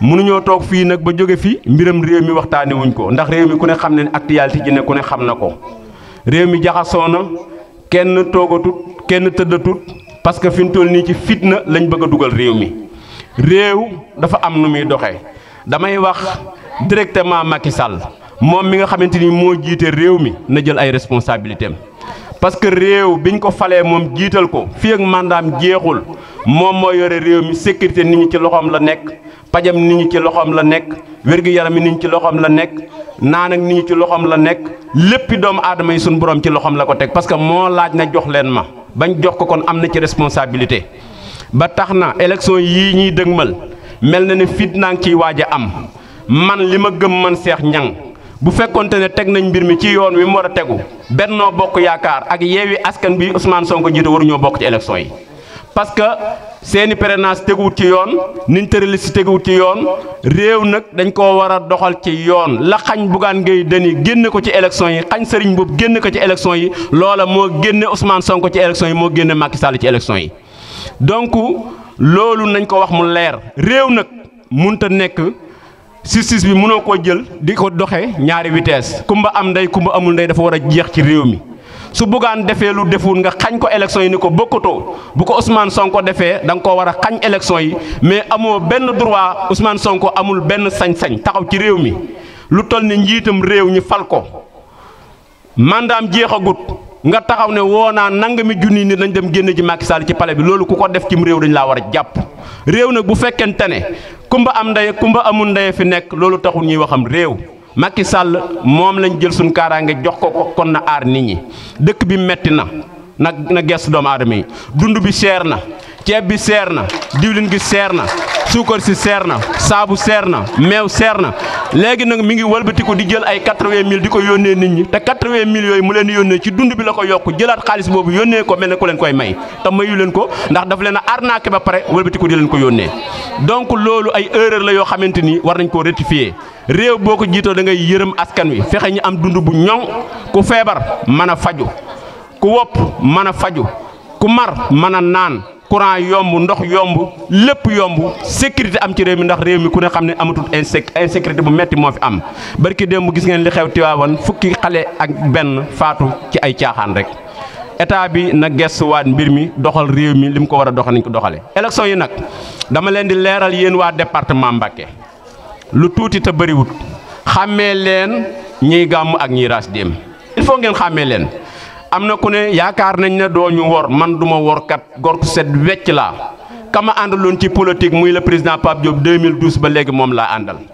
mënuñoo toog fii nag ba jóge fi mbiram réew mi waxtaane wuñ ko ndax réew mi ku ne xam ne actualité ji ne ku ne xam na ko réew mi jaxasoo na kenn toogatut kenn tëddatut parce que fi mu toll nii ci fit na lañ bëgg dugal réew mi réew dafa am nu muy doxee damay wax directement Macky Sall moom mi nga xamante ni moo jiite réew mi na jël ay responsabilités am parce que réew biñ ko falee moom jiital ko fii ak mandaam jeexul moom moo yore réew mi sécurité nit ñi ci loxoom la nekk. pajam niñu ñi ci loxoom la nekk wérgu yaram mi nit ñi ci loxoom la nekk naan ak nit ci loxoom la nekk léppi doomu aadama yi suñu borom ci loxoom la ko teg parce que moo laaj na jox leen ma bañ jox ko kon am na ci responsabilité. ba tax na élection yii ñuy dëgmal mel na ne fitna ngi ciy waaj a am man li ma gëm man Cheikh Niang bu fekkonte ne teg nañu mbir mi ci yoon wi mu war a tegu bennoo Bokk Yaakaar ak Yewwi Askan bi Ousmane Sonko jiite waruñoo bokk ci élection yi. parce que seeni parrainage teguwut ci yoon niñ tërali si teguwut ci yoon réew nag dañ ko war a doxal ci yoon la xañ Bougane Gueye Dany génne ko ci élection yi xañ Serigne Mboup génn ko ci élection yi loola moo génne Ousmane Sonko ci élection yi moo génne Macky ci élection yi donc loolu nañ ko wax mu leer réew nag munta nekk justice bi mënoo koo jël di ko doxe ñaari vitesse kumba am ndey kumba amul ndey dafa war a jeex ci réew mi su buggaan defee lu deful nga xañ ko élection yi ni ko bokkutoo bu ko Ousmane Sonko defee da nga koo war a xañ élection yi mais amoo benn droit Ousmane Sonko amul benn sañ-sañ taxaw ci réew mi lu toll ni njiitam réew ñi fal ko mandaam jeexagut nga taxaw ne woo naa nangami junni ni nañ dem génn ji Macky Sall ci pale bi loolu ku ko def cim réew dañu laa war a jàpp réew nag bu fekkente ne kumba am ndey kumba amul ndey fi nekk loolu taxul ñuy waxam réew. makki Sall moom lañ jël suñ kaaraange jox ko ko kon na aar nit ñi dëkk bi metti na na na gestu doomu aadama yi dund bi seer na ceeb bi seer na diwlin gi seer na suukar si seer na saabu seer na meew seer na léegi nag mi ngi wëlbatiku di jël ay quatre-vingt mille di ko yónnee nit ñi te quatre-vingt mille yooyu mu leen di yónnee ci dund bi la ko yokk jëlaat xaalis boobu yónnee ko mel koy may te mayu leen ko ndax daf leen a arnaqué ba pare wëlbatiku di leen ko yónnee donc loolu ay erreur la yoo xamante ni war nañ koo rectifier réew boo ko jiitoo dangay ngay yërëm askan wi fexe ñu am dund bu ñoŋ ku feebar mën a faju ku wopp mën a faju ku mar mën a naan courant yomb ndox yomb lépp yomb sécurité am ci réew mi ndax réew mi ku ne xam ne amatul ay insécurité bu metti moo fi am barki démb gis ngeen li xew Tiwaawan fukki xale ak benn faatu ci ay caaxaan rek état bi na gestuwaat mbir mi doxal réew mi li mu ko war a doxal nañ ko doxalee. élection yi nag dama leen di leeral yéen waa département Mbacké lu tuuti te bëriwut xàmmee leen ñiy gàmm ak ñiy raas dem il faut ngeen xàmmee leen. am na ku ne yaakaar nañ ne doo ñu wor man du ma wor kat gor set wecc laa kama àndaloon ci politique muy le président Pape Diop 2012 ba léegi moom laa àndal.